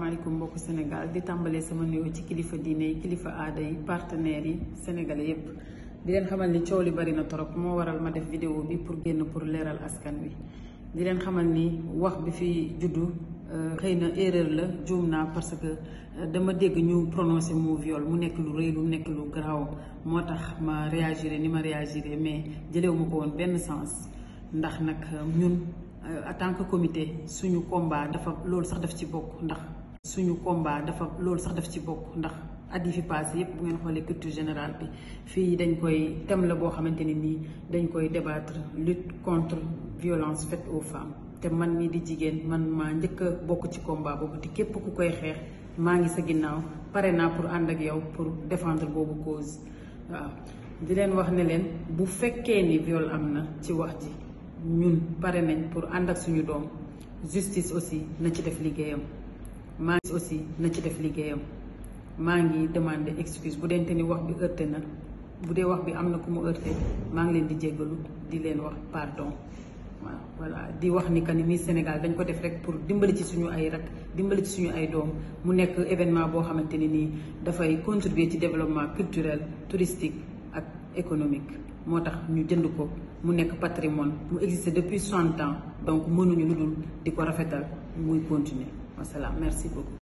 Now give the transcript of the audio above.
maaleykum mbokku Sénégal di tàmbalee sama nuyoo ci kilifa diine yi kilifa aada yi partenaires yi sénégalais yépp di leen xamal ni coow li bari na torop moo waral ma def vidéo bi pour génn pour leeral askan wi di leen xamal ni wax bi fi juddu euh, xëy na erreur la juum naa parce que euh, dama dégg ñu prononcé mot viol mu nekk lu rëy lu nekk lu garaaw moo tax ma réagiré ni ma réagiré mais jëlewu ma ko woon benn sens ndax nag ñun euh, en tant que comité suñu combat dafa loolu sax daf ci bokk ndax suñu combat dafa loolu sax def ci bokk ndax at yi fi passé yëpp bu ngeen xoolee culture générale bi fii dañ koy thème la boo xamante ne nii dañ koy débattre lutte contre violence faite aux femmes te man mii di jigéen man maa njëkk a bokk ci komba boobu te képp ku koy xeex maa ngi sa ginnaaw pare naa pour ànd ak yow pour défendre boobu cause waaw di leen wax ne leen bu fekkee ni viol am na ci wax ji ñun pare nañ pour ànd ak suñu doom justice aussi na ci def liggéeyam maa ngi aussi na ci def liggéeyam maa ngi demandé excuse bu dente ni wax bi heurté na bu dee wax bi am na ku mu heurté maa ngi leen di jéggalu di leen wax pardon waaw voilà di wax ni que ni Sénégal dañ ko def rek pour dimbali ci suñu ay rak dimbali ci suñu ay doom mu nekk événement boo xamante ni nii dafay contribuer ci développement culturel touristique ak économique moo tax ñu jënd ko mu nekk patrimoine mu existe depuis cent ans donc mënuñu lu dul di ko rafetal muy continuer wasalaam merci beaucoup